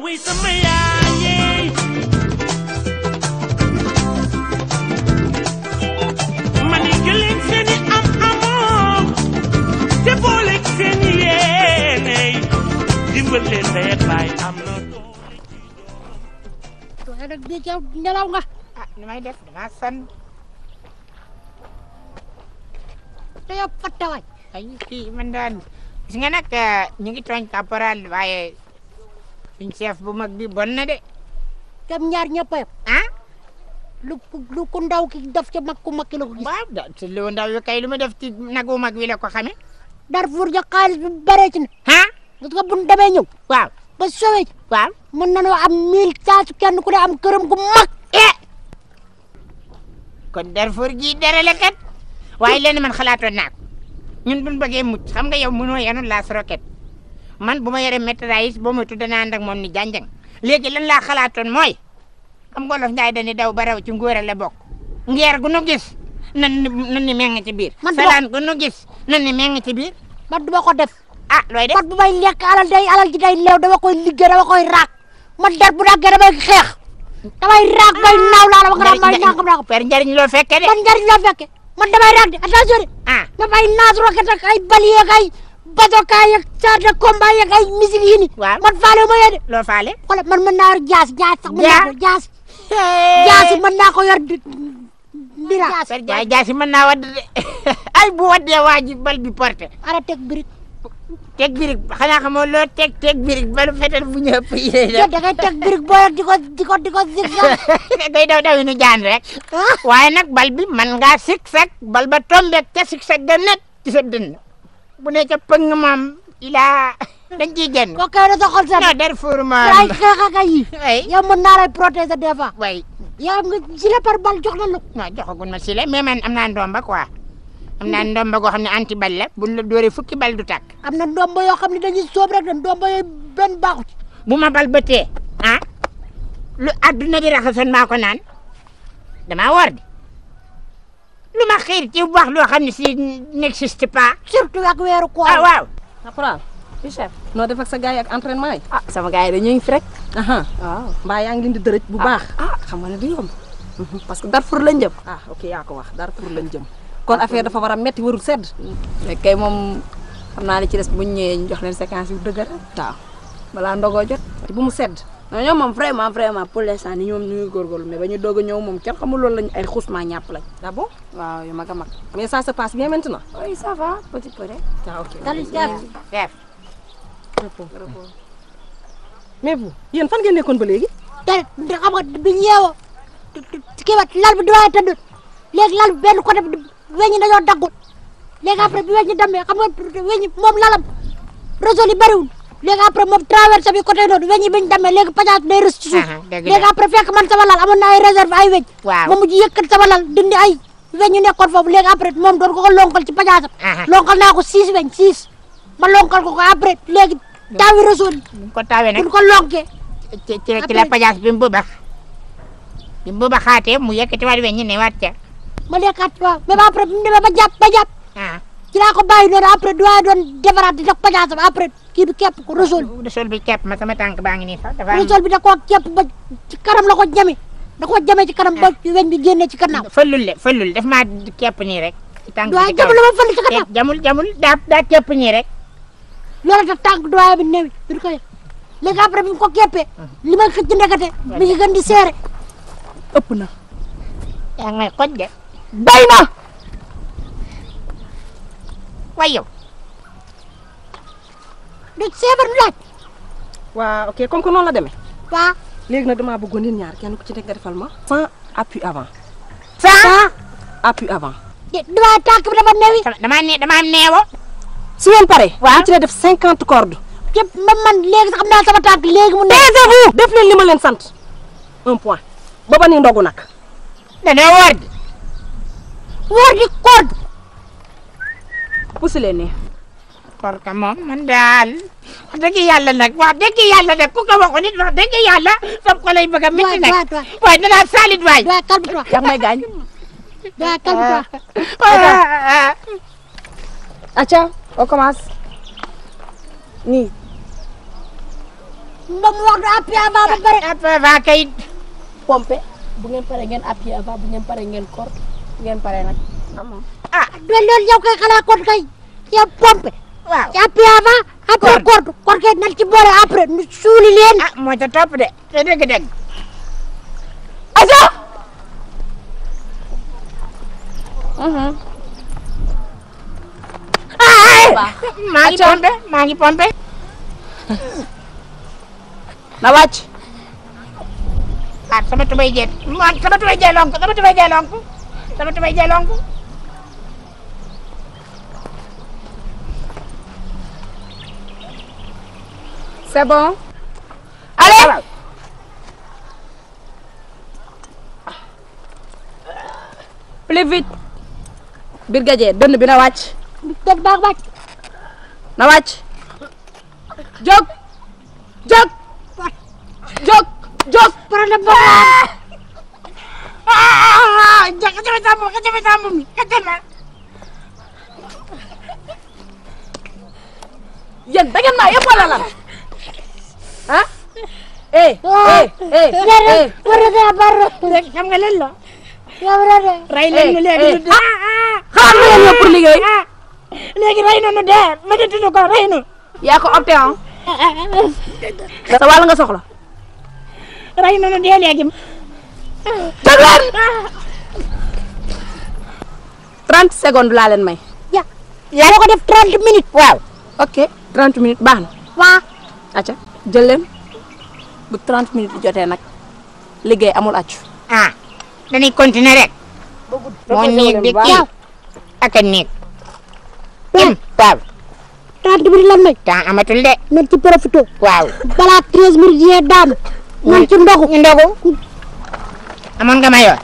为什么呀？耶！ma ne jëleen seeni am amoon te booleeg seeni yéene dimbal leen day baay am na doole ci doom. waaye nag bii yow ngelaw nga. ah ni may def dinaa san. te yow fattawaay. ay kii man daan gis nga nag ñu ngi tooñ caporal waaye. suñ chef bu mag bi bon de. tam ñaar ñëpp ah. lu lu ku ndaw ki def ca mag ku mag ki la ko gis. waaw da lu ndaw yi kay lu ma def ci nagu mag wi la ko xamee. Darfour ja xaalis bi bëree ci na. ah. parce que bu ñu demee ñëw. waaw ba sowee am mille cent kenn ku ne am këram gu mag. eh. kon Darfour gii dara la kat. waaye leen man xalaatoon naa ko ñun buñ bëggee mucc xam nga yow mënoo yanu laas man bu ma yoree météo boo ma tuddee naa ànd ak moom ni jànjang léegi lan laa xalaatoon mooy xam nga Wolof Njaay dañuy daw barew raw ci ngóor la bokk ngeer gu nu gis nan nan ni meng ci biir. man salaan gu nu gis nan ni meng ci biir. man du ma ko def. a ah, looy de man bu may lekk alal day alal ji day leew dama koy liggéey dama koy raak man der bu daggee damay xeex damay raak bay ah, naaw laa la wax raak may naaw raak. per njariñ loo fekkee de. man njariñ loo fekkee man a raak de attention de. ah damay naas roket ak ay baliyeeg ay. bazoka yeeg char de combat yeeg ay musique yi ni waaw man faale ma yee de loo faale xoolal man mën naa jaas jaas ko jaas jaas mën naa ko naa wadd de ay bu waddee waa ji bal bi porté ara teg birik teg birik xanaa xamoo loo teg teg birik balu bu ñëpp yi birik boo yor di ko di ko day daw daw nu jaan rek ah. waaye nag bal bi man ngaa sig sag bal ba tombek ca sig sag ga net ci sa dënn bu ne ca pëng moom ilaa dañ ciy génn. kooku kay sa xol seen. non Darfour moom ay xeex ak ay yi. yow mën naa lay protéger des fois. waay yow nga gilet pare-balle jox la lu. non joxagun ma gilet mais man am naa ndomba quoi. am naa ndomba goo xam ne anti bal la buñ la dóoree fukki bal du tàkk. am na ndomba yoo xam ne dañuy soob rek de ndomba yooyu benn baaxut. bu ma bal bëtee ah lu adduna bi raxasoon maa ko naan damaa woor di. lu ma xëy ci wax loo xam ne si n'existe pas. surtout ak weeru koor. ah waaw. caporal bi chef. noo def sa gars yi ak entraînement yi. ah sama gars yi dañuy ngi fi rek. waaw mbaa yaa ngi leen di dërëj bu ah, baax. ah xam nga ne du yomb. Mhm, parce que Darfour lañ jëm. ah ok yaa ko wax Darfour lañ jëm. kon affaire dafa war a metti warul sedd. mais kay moom xam naa li ci des bu ñu ñëwee ñu jox leen séquence yu dëgër. waaw balaa ndogoo jot. bu mu sedd. non ñoom moom vraiment vraiment pour l'instant ni ñoom ñu ngi góorgóorlu mais ba ñu doog a ñëw moom kenn xamul loolu lañ ay xusma ñàpp lañ. d'abord ah waaw yu mag a mag. mais ça se passe bien maintenant. oui ça va petit peu rek. ah ok dalu mais bu yéen fan ngeen nekkoon ba léegi. te xam nga bi ñëwoo kii ba lal bi doyee tëdd léegi lal bi benn côté bi weñi dañoo daggut léegi après bi weñi demee xam nga weñi moom lalam réseau li bariwul. léegi après moom traversé bi côté noonu weñ yi bañ demee léegi pajaat day rës ci suuf léegi après fekk man sama lal amoon na ay réserve ay weñ ma mujj yëkkat sama lal dindi ay weñ yu nekkoon foofu léegi après moom doon ko ko lonkal ci ko six weñ six ma lonkal ko ko après léegi taawi ci ci la pajaas bi mu bëbax bi mu bëbaxaatee mu yëkkati waat ne waat ma lekkaat waaw mais après bi mu demee ba jàpp ba jàpp ci laa ko bàyyi noonu après du waay doon defaraat di def pajaasam après kii bi képp ko rësool. rësool bi képp ma sama tànk baa ngi nii sax da koo képp ba ci kanam la ko jame da koo jame ci kanam ba ah. weñ bi génnee ci kanam. fëllul le fëllul daf maa képp nii rek. ci tànk bi jamul la ma fëll ci kanam eh, jamul jamul daa daa képp nii bi néew bi ko léegi après bi mu ko képpee. li ma xëcc ndekete. mi ngi gën di seere. ëpp na. yaa ngay xoj de. bay na. waaye yow du seebar du laaj. waaw ok comme que noonu la demee. waaw léegi nag damaa bëggoon nit ñaar kenn ku ci nekk nga defal ma. sans appui avant. sans appui avant. damaa tànk bi dama newi. damaa ne damaa neewoo. su ngeen paree. waaw ci la def cinquante cordes. yëpp man leen ma leen sant un point. ba ba ni ndogu nag. dañoo woor di. woor di corde. pusu leen ne. korka moom man daal wax dëgg yàlla nag wax dëgg yàlla nag ku ko waxoon it wax dëgg yàlla fam ko lay bëgg a métti nag waay na naa salit waay. waaw calme-toi yaa ngi may gaañ. waaw calme-toi. acca ah, ah, ah. on commence nii. moom wax na appui avant ba pare. appui avant kayit. pompe bu ngeen pare ngeen appui avant bu ngeen pare ngeen kor ngeen pare nag. ah doon loolu yow kay xanaa kon kay yaa pompe. waaw yaa pii avant. après kóord kóord kay nañ ci boole après ñu suuli leen. ah moo ca topp de te dëgg-dëgg. Aja. Mhm. maa ngi pompe maa pompe. na wàcc. ah sama tubay jee sama tubay jee lonku jee lonku C'est bon. Allez. Plus vite. Birgadier dënn bi na wàcc. dënn baax wàcc. na wàcc. jóg. jóg. jóg. jóg. problème boobu la ah ja ka jafe saa moom ka jafe saa moom ka jafe. yéen da ngeen maa yëpp wala lan. ah. eh eh eh eh. xam nga leen la. rey leen ñu léegi ñu dee. xalaat nga leen yow pour liggéey. léegi rey nañu dee méttiitu ko rey nañu. yaa ko opté ah. sa wàll nga soxla. rey nañu dee léegi. tëj leen. 30 secondes laa leen may. yaa ko def 30 minutes. waaw ok 30 minutes baax na. waaw. acca. jël leen bu 30 minutes jotee nag liggéey amul accu. ah dañuy continuer rek. moo néeg bi a néeg. ñun eh, waaw. temps bi lan lañ. amatul de. nañ ci waaw balaa 13 minutes yee daanu. nañ ci ndogu ñu ndogu. amoon nga mayoon.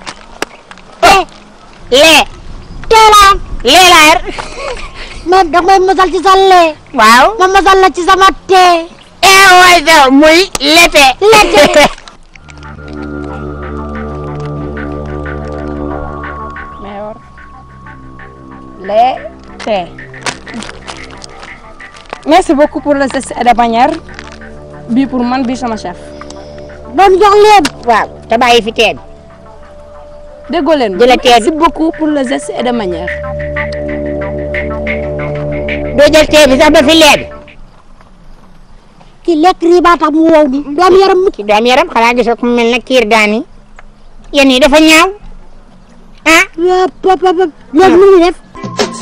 eh. lee. yor. man da koy mosal ci sa ma mosal ci sama invasion muy l'été. l'été. mayor l'été. merci beaucoup pour le geste et la bannière bii pour man bii sama chef. ba mu jox waaw te fi teen. déggoo leen. jëlee teen merci beaucoup pour le geste et la bannière. doo jël teen bi ba fi leen. kii lekk riba tax mu wow di doom yaram mu. doom yaram xanaa gisoo ku mel ne kiir daani yéen ñi dafa ñaaw ah. papa papa léegi nu def.